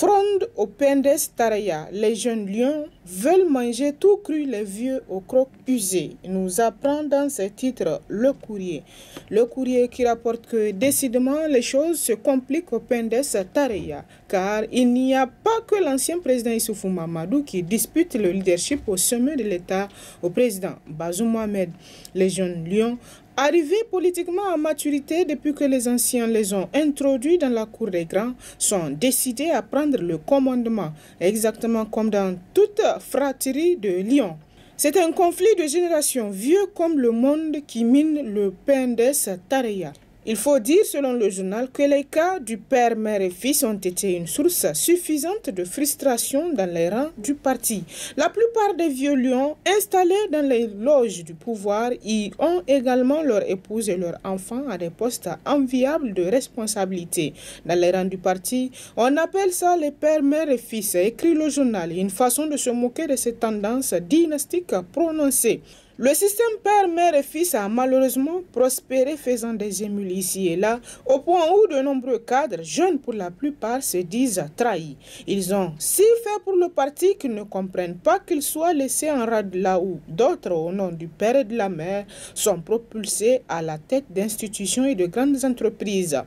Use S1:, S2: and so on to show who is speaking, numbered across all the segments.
S1: Fronde au Pendestarea, les jeunes lions veulent manger tout cru les vieux aux crocs usés, nous apprend dans ce titre Le Courrier. Le Courrier qui rapporte que décidément les choses se compliquent au Pendes Tareya, car il n'y a pas que l'ancien président Issoufou Mamadou qui dispute le leadership au sommet de l'État au président Bazoum Mohamed. Les jeunes lions Arrivés politiquement à maturité depuis que les anciens les ont introduits dans la cour des grands, sont décidés à prendre le commandement, exactement comme dans toute fratrie de Lyon. C'est un conflit de générations vieux comme le monde qui mine le pain des il faut dire, selon le journal, que les cas du père, mère et fils ont été une source suffisante de frustration dans les rangs du parti. La plupart des vieux lions installés dans les loges du pouvoir y ont également leur épouse et leurs enfants à des postes enviables de responsabilité. Dans les rangs du parti, on appelle ça les pères, mère et fils, écrit le journal, une façon de se moquer de ces tendances dynastiques prononcées. Le système père-mère et fils a malheureusement prospéré faisant des émules ici et là, au point où de nombreux cadres, jeunes pour la plupart, se disent trahis. Ils ont si fait pour le parti qu'ils ne comprennent pas qu'ils soient laissés en rade là où d'autres, au nom du père et de la mère, sont propulsés à la tête d'institutions et de grandes entreprises.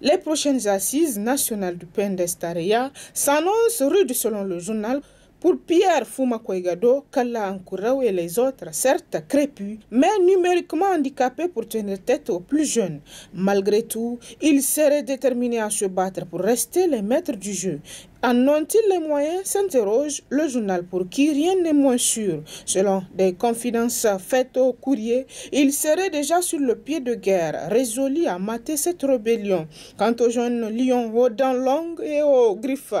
S1: Les prochaines assises nationales du PNDESTARIA e s'annoncent rudes selon le journal pour Pierre Fumakwegado, Kala Ankuraou et les autres, certes crépus, mais numériquement handicapés pour tenir tête aux plus jeunes. Malgré tout, ils seraient déterminés à se battre pour rester les maîtres du jeu. En ont-ils les moyens s'interroge le journal pour qui rien n'est moins sûr. Selon des confidences faites au courrier, ils seraient déjà sur le pied de guerre, résolus à mater cette rébellion. Quant aux jeunes lions aux dents longues et aux griffes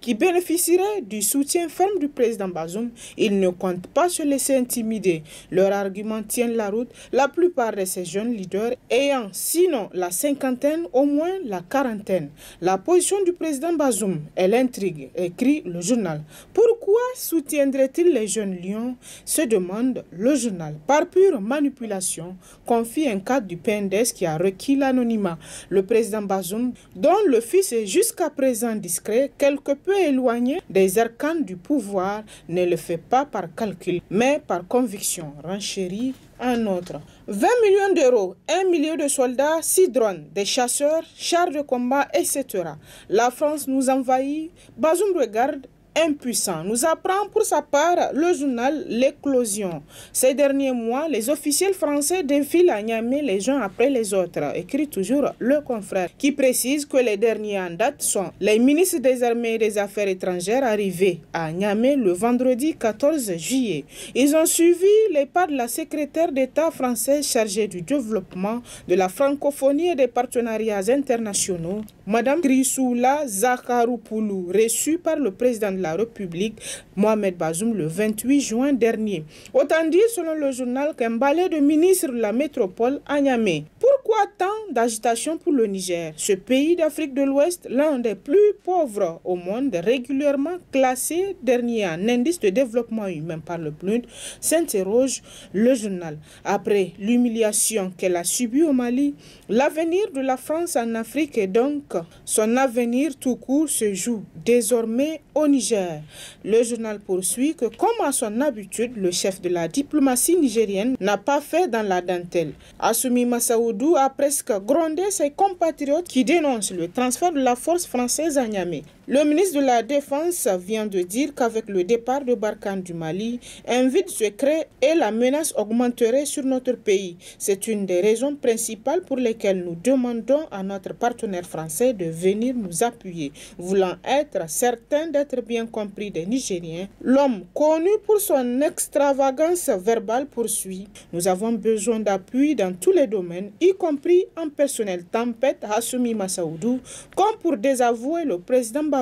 S1: qui bénéficierait du soutien ferme du président Bazoum. Ils ne comptent pas se laisser intimider. Leur argument tient la route, la plupart de ces jeunes leaders ayant sinon la cinquantaine, au moins la quarantaine. La position du président Bazoum est l'intrigue, écrit le journal. Pourquoi soutiendrait-il les jeunes lions se demande le journal. Par pure manipulation, confie un cadre du PNDS qui a requis l'anonymat. Le président Bazoum, dont le fils est jusqu'à présent discret, quelque peu éloigné des arcanes du pouvoir, ne le fait pas par calcul, mais par conviction, renchérit un autre. 20 millions d'euros, un million de soldats, 6 drones, des chasseurs, chars de combat, etc. La France nous envahit, Bazoum regarde impuissant, nous apprend pour sa part le journal L'éclosion. Ces derniers mois, les officiels français défilent à Niamey les uns après les autres, écrit toujours le confrère, qui précise que les derniers en date sont les ministres des armées et des affaires étrangères arrivés à Niamey le vendredi 14 juillet. Ils ont suivi les pas de la secrétaire d'État française chargée du développement de la francophonie et des partenariats internationaux, Madame Grisoula Zakharoupoulou, reçue par le président de la République, Mohamed Bazoum, le 28 juin dernier. Autant dire, selon le journal, qu'un balai de ministres de la métropole à Niamey. Pourquoi tant d'agitation pour le Niger Ce pays d'Afrique de l'Ouest, l'un des plus pauvres au monde, régulièrement classé dernier en indice de développement humain par le PNUD, s'interroge le journal. Après l'humiliation qu'elle a subie au Mali, l'avenir de la France en Afrique est donc son avenir tout court se joue désormais au Niger. Le journal poursuit que, comme à son habitude, le chef de la diplomatie nigérienne n'a pas fait dans la dentelle. Assoumi Massaoudou a presque grondé ses compatriotes qui dénoncent le transfert de la force française à Niamey. Le ministre de la Défense vient de dire qu'avec le départ de Barkhane du Mali, un vide se crée et la menace augmenterait sur notre pays. C'est une des raisons principales pour lesquelles nous demandons à notre partenaire français de venir nous appuyer, voulant être certain d'être bien compris des Nigériens. L'homme connu pour son extravagance verbale poursuit. Nous avons besoin d'appui dans tous les domaines, y compris en personnel. Tempête Hassoumi Massaoudou, comme pour désavouer le président Barkhane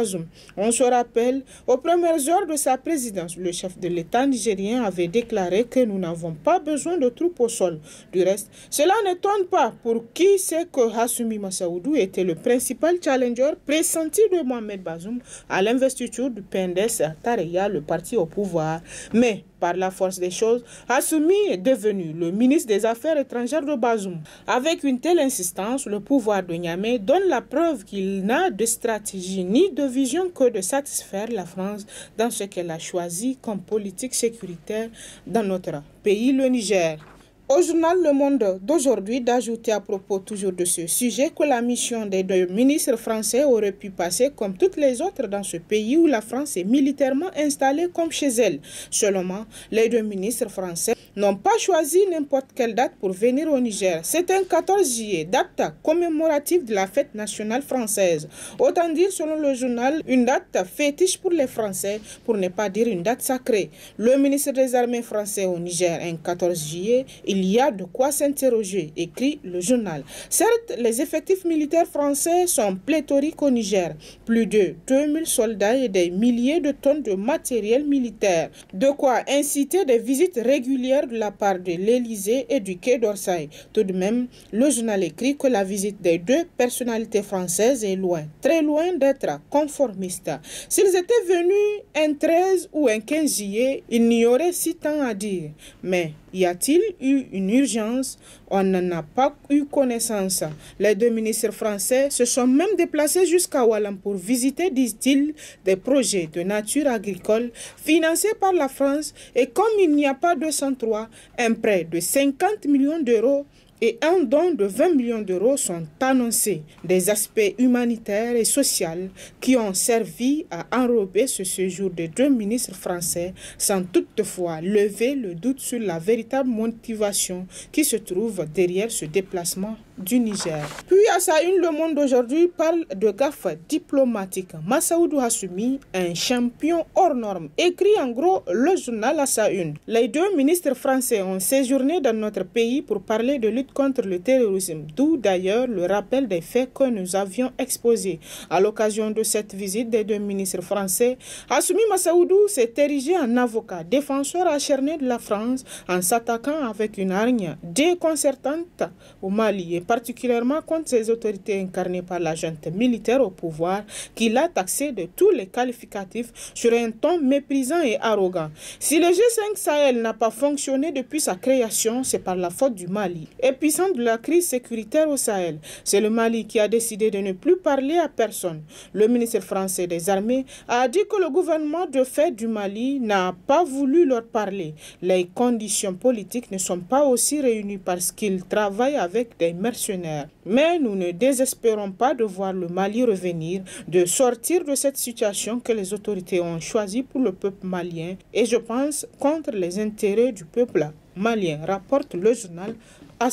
S1: on se rappelle, aux premières heures de sa présidence, le chef de l'État nigérien avait déclaré que nous n'avons pas besoin de troupes au sol. Du reste, cela n'étonne pas pour qui sait que Hassoumi Massaoudou était le principal challenger pressenti de Mohamed Bazoum à l'investiture du PNDS Tareya, le parti au pouvoir. Mais par la force des choses, soumis est devenu le ministre des Affaires étrangères de Bazoum. Avec une telle insistance, le pouvoir de Niamey donne la preuve qu'il n'a de stratégie ni de vision que de satisfaire la France dans ce qu'elle a choisi comme politique sécuritaire dans notre pays, le Niger. Au journal Le Monde d'aujourd'hui, d'ajouter à propos toujours de ce sujet que la mission des deux ministres français aurait pu passer comme toutes les autres dans ce pays où la France est militairement installée comme chez elle. Seulement, les deux ministres français n'ont pas choisi n'importe quelle date pour venir au Niger. C'est un 14 juillet, date commémorative de la fête nationale française. Autant dire, selon le journal, une date fétiche pour les Français, pour ne pas dire une date sacrée. Le ministre des Armées français au Niger, un 14 juillet, il y a de quoi s'interroger, écrit le journal. Certes, les effectifs militaires français sont pléthoriques au Niger. Plus de 2000 soldats et des milliers de tonnes de matériel militaire. De quoi inciter des visites régulières de la part de l'Élysée et du Quai d'Orsay. Tout de même, le journal écrit que la visite des deux personnalités françaises est loin, très loin d'être conformiste. S'ils étaient venus un 13 ou un 15 juillet, il n'y aurait si tant à dire. Mais y a-t-il eu une urgence On n'en a pas eu connaissance. Les deux ministres français se sont même déplacés jusqu'à Wallam pour visiter, disent-ils, des projets de nature agricole financés par la France et comme il n'y a pas 203, un prêt de 50 millions d'euros et un don de 20 millions d'euros sont annoncés, des aspects humanitaires et sociaux qui ont servi à enrober ce séjour des deux ministres français sans toutefois lever le doute sur la véritable motivation qui se trouve derrière ce déplacement du Niger. Puis à sa une Le Monde aujourd'hui parle de gaffe diplomatique. Massaoudou Hassoumi, un champion hors norme, écrit en gros le journal à sa une. Les deux ministres français ont séjourné dans notre pays pour parler de lutte contre le terrorisme, d'où d'ailleurs le rappel des faits que nous avions exposés. À l'occasion de cette visite des deux ministres français, Assoumi Massaoudou s'est érigé en avocat, défenseur acharné de la France, en s'attaquant avec une hargne déconcertante au Mali et particulièrement contre ses autorités incarnées par la junte militaire au pouvoir, qui l'a taxé de tous les qualificatifs sur un ton méprisant et arrogant. Si le G5 Sahel n'a pas fonctionné depuis sa création, c'est par la faute du Mali. Et puissant de la crise sécuritaire au Sahel. C'est le Mali qui a décidé de ne plus parler à personne. Le ministre français des Armées a dit que le gouvernement de fait du Mali n'a pas voulu leur parler. Les conditions politiques ne sont pas aussi réunies parce qu'ils travaillent avec des mercenaires. Mais nous ne désespérons pas de voir le Mali revenir, de sortir de cette situation que les autorités ont choisie pour le peuple malien et je pense contre les intérêts du peuple malien, rapporte le journal à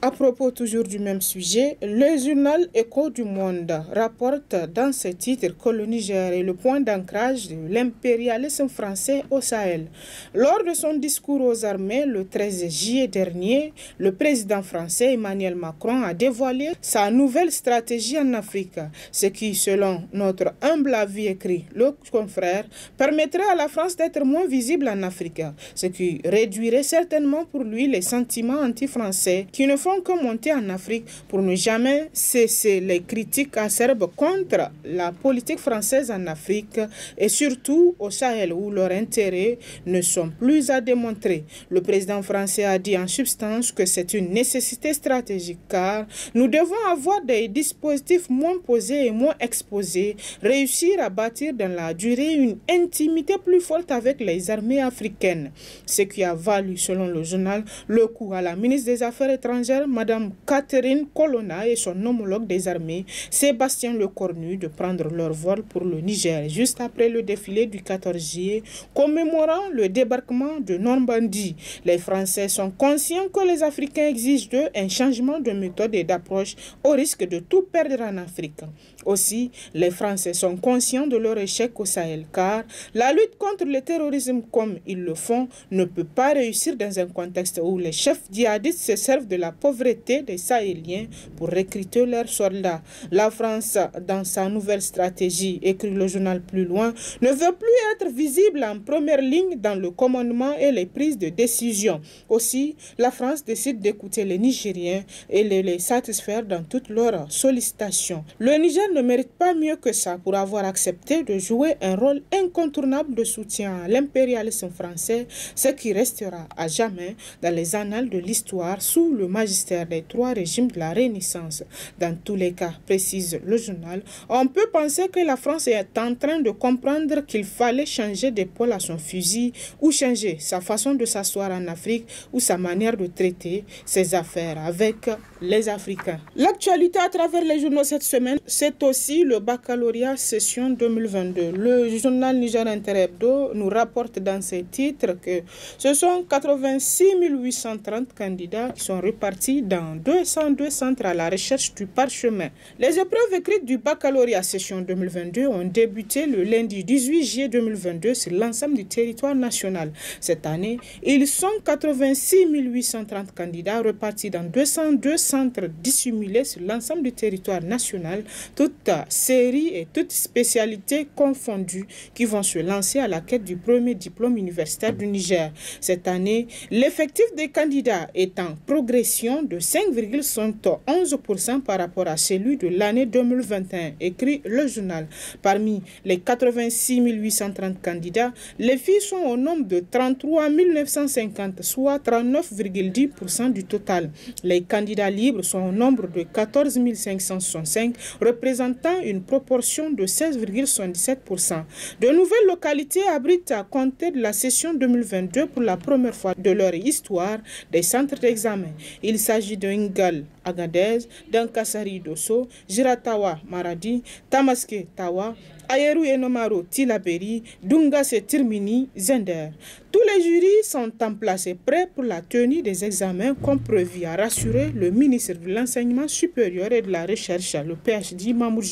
S1: À propos toujours du même sujet, le journal Écho du Monde rapporte dans ses titres que le Niger est le point d'ancrage de l'impérialisme français au Sahel. Lors de son discours aux armées le 13 juillet dernier, le président français Emmanuel Macron a dévoilé sa nouvelle stratégie en Afrique, ce qui, selon notre humble avis écrit, le confrère, permettrait à la France d'être moins visible en Afrique, ce qui réduirait certainement pour lui les sentiments anti-français qui ne font que monter en Afrique pour ne jamais cesser les critiques acerbes contre la politique française en Afrique et surtout au Sahel où leurs intérêts ne sont plus à démontrer. Le président français a dit en substance que c'est une nécessité stratégique car nous devons avoir des dispositifs moins posés et moins exposés, réussir à bâtir dans la durée une intimité plus forte avec les armées africaines, ce qui a valu selon le journal le coup à la ministre des Affaires Affaires étrangères, Madame Catherine Colonna et son homologue des armées, Sébastien Lecornu, de prendre leur vol pour le Niger juste après le défilé du 14 juillet, commémorant le débarquement de Normandie. Les Français sont conscients que les Africains exigent d'eux un changement de méthode et d'approche au risque de tout perdre en Afrique. Aussi, les Français sont conscients de leur échec au Sahel, car la lutte contre le terrorisme comme ils le font ne peut pas réussir dans un contexte où les chefs djihadistes se servent de la pauvreté des Sahéliens pour recruter leurs soldats. La France, dans sa nouvelle stratégie, écrit le journal plus loin, ne veut plus être visible en première ligne dans le commandement et les prises de décision. Aussi, la France décide d'écouter les Nigériens et les satisfaire dans toutes leurs sollicitations. Le Niger ne mérite pas mieux que ça pour avoir accepté de jouer un rôle incontournable de soutien à l'impérialisme français, ce qui restera à jamais dans les annales de l'histoire sous le magistère des trois régimes de la Renaissance. Dans tous les cas, précise le journal, on peut penser que la France est en train de comprendre qu'il fallait changer d'épaule à son fusil ou changer sa façon de s'asseoir en Afrique ou sa manière de traiter ses affaires avec les Africains. L'actualité à travers les journaux cette semaine, c'est aussi le baccalauréat session 2022. Le journal Niger Interhebdo nous rapporte dans ses titres que ce sont 86 830 candidats sont repartis dans 202 centres à la recherche du parchemin. Les épreuves écrites du baccalauréat session 2022 ont débuté le lundi 18 juillet 2022 sur l'ensemble du territoire national. Cette année, ils sont 86 830 candidats repartis dans 202 centres dissimulés sur l'ensemble du territoire national, toutes séries et toutes spécialités confondues qui vont se lancer à la quête du premier diplôme universitaire du Niger. Cette année, l'effectif des candidats étant progression de 5,11% par rapport à celui de l'année 2021, écrit le journal. Parmi les 86 830 candidats, les filles sont au nombre de 33 950, soit 39,10% du total. Les candidats libres sont au nombre de 14 565, représentant une proportion de 16,77%. De nouvelles localités abritent à compter de la session 2022 pour la première fois de leur histoire des centres d'examen il s'agit de Ngal Agadez, Dankasari Dosso, Jiratawa Maradi, Tamaske Tawa, Ayeru Enomaro Tilaberi, Dungase Tirmini, Zender. Tous les jurys sont en place et prêts pour la tenue des examens comme prévu, a rassuré le ministre de l'Enseignement supérieur et de la Recherche, le PhD Mamour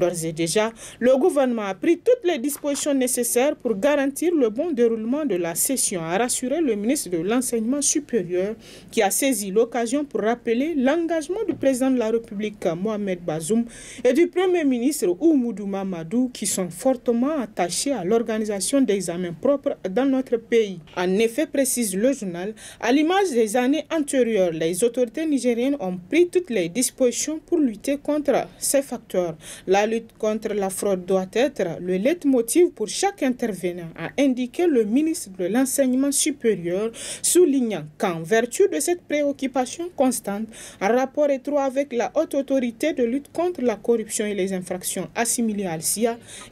S1: D'ores et déjà, le gouvernement a pris toutes les dispositions nécessaires pour garantir le bon déroulement de la session, a rassuré le ministre de l'Enseignement supérieur qui a saisi l'occasion pour rappeler l'engagement du président de la République Mohamed Bazoum et du premier ministre Oumoudou Mamadou qui sont fortement attachés à l'organisation d'examens propres dans notre pays. En effet, précise le journal, à l'image des années antérieures, les autorités nigériennes ont pris toutes les dispositions pour lutter contre ces facteurs. La lutte contre la fraude doit être le leitmotiv pour chaque intervenant, a indiqué le ministre de l'Enseignement supérieur, soulignant qu'en vertu de cette préoccupation constante, un rapport étroit avec la haute autorité de lutte contre la corruption et les infractions assimilées à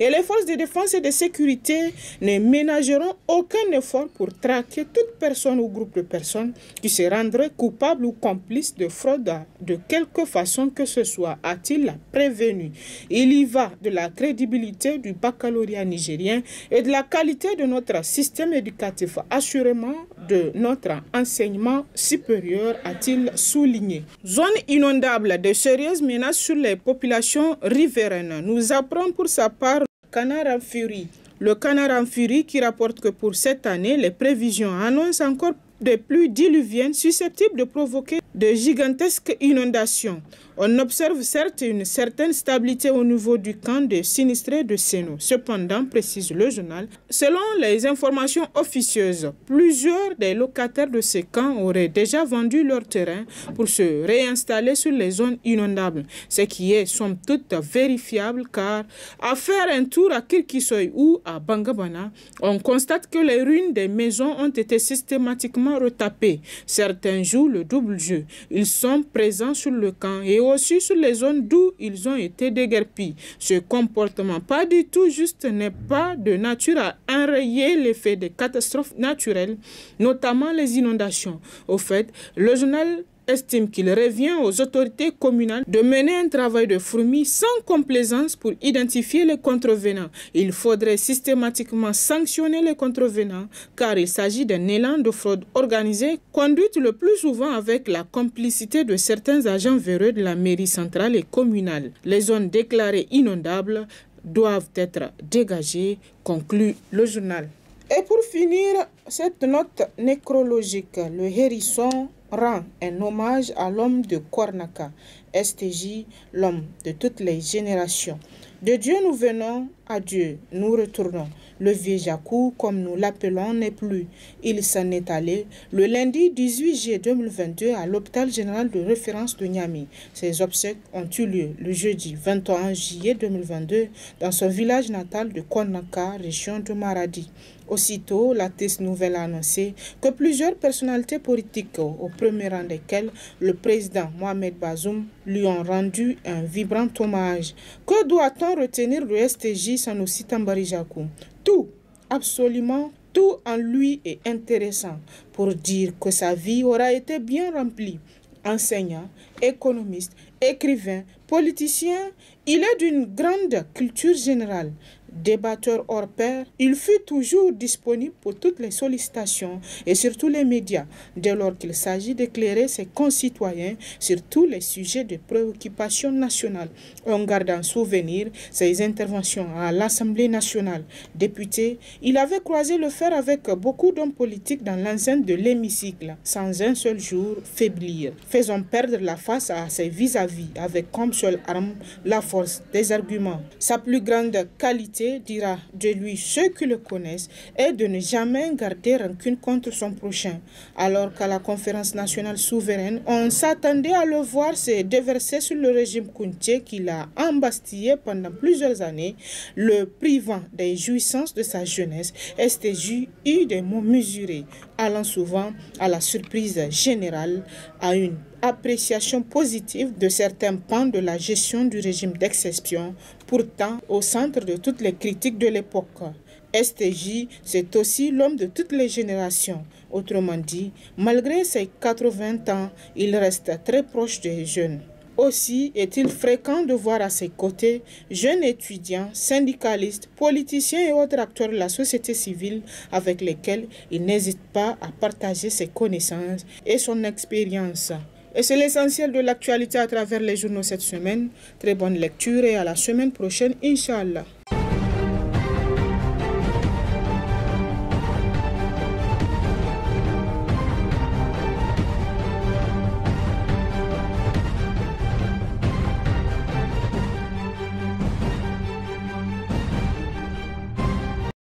S1: et les forces de défense et de sécurité ne ménageront aucun effort pour traquer toute personne ou groupe de personnes qui se rendrait coupable ou complice de fraude de quelque façon que ce soit, a-t-il prévenu. Il y va de la crédibilité du baccalauréat nigérien et de la qualité de notre système éducatif, assurément de notre enseignement supérieur, a-t-il souligné. Zone inondable, de sérieuses menaces sur les populations riveraines. Nous apprend pour sa part Canard en furie. Le canard en furie qui rapporte que pour cette année, les prévisions annoncent encore des pluies diluviennes susceptibles de provoquer de gigantesques inondations. On observe certes une certaine stabilité au niveau du camp de sinistrés de Seno. Cependant, précise le journal, selon les informations officieuses, plusieurs des locataires de ce camp auraient déjà vendu leur terrain pour se réinstaller sur les zones inondables, ce qui est somme toute vérifiable car à faire un tour à Kirkisoy ou à Bangabana, on constate que les ruines des maisons ont été systématiquement retapées. Certains jouent le double jeu. Ils sont présents sur le camp et aussi sur les zones d'où ils ont été déguerpis. Ce comportement pas du tout juste n'est pas de nature à enrayer l'effet des catastrophes naturelles, notamment les inondations. Au fait, le journal estime qu'il revient aux autorités communales de mener un travail de fourmi sans complaisance pour identifier les contrevenants. Il faudrait systématiquement sanctionner les contrevenants car il s'agit d'un élan de fraude organisée conduite le plus souvent avec la complicité de certains agents véreux de la mairie centrale et communale. Les zones déclarées inondables doivent être dégagées, conclut le journal. Et pour finir, cette note nécrologique, le hérisson rend un hommage à l'homme de Kornaka, STJ, l'homme de toutes les générations. De Dieu nous venons Adieu, nous retournons. Le vieux Jacou, comme nous l'appelons, n'est plus. Il s'en est allé le lundi 18 juillet 2022 à l'hôpital général de référence de Niamey. Ses obsèques ont eu lieu le jeudi 21 juillet 2022 dans son village natal de Konaka, région de Maradi. Aussitôt, la triste nouvelle a annoncé que plusieurs personnalités politiques, au premier rang desquelles le président Mohamed Bazoum, lui ont rendu un vibrant hommage. Que doit-on retenir du STJ tout, absolument tout en lui est intéressant pour dire que sa vie aura été bien remplie. Enseignant, économiste, écrivain, politicien, il est d'une grande culture générale débatteur hors pair, il fut toujours disponible pour toutes les sollicitations et surtout les médias, dès lors qu'il s'agit d'éclairer ses concitoyens sur tous les sujets de préoccupation nationale, en gardant souvenir ses interventions à l'Assemblée nationale. Député, il avait croisé le fer avec beaucoup d'hommes politiques dans l'enceinte de l'hémicycle, sans un seul jour faiblir, faisant perdre la face à ses vis à -vis, avec comme seule arme la force des arguments. Sa plus grande qualité dira de lui ceux qui le connaissent et de ne jamais garder rancune contre son prochain. Alors qu'à la conférence nationale souveraine, on s'attendait à le voir se déverser sur le régime Kunche qu'il a embastillé pendant plusieurs années, le privant des jouissances de sa jeunesse. Estéju eut des mots mesurés, allant souvent à la surprise générale à une appréciation positive de certains pans de la gestion du régime d'exception, pourtant au centre de toutes les critiques de l'époque. STJ, c'est aussi l'homme de toutes les générations. Autrement dit, malgré ses 80 ans, il reste très proche des jeunes. Aussi est-il fréquent de voir à ses côtés jeunes étudiants, syndicalistes, politiciens et autres acteurs de la société civile avec lesquels il n'hésite pas à partager ses connaissances et son expérience. Et c'est l'essentiel de l'actualité à travers les journaux cette semaine. Très bonne lecture et à la semaine prochaine, Inch'Allah.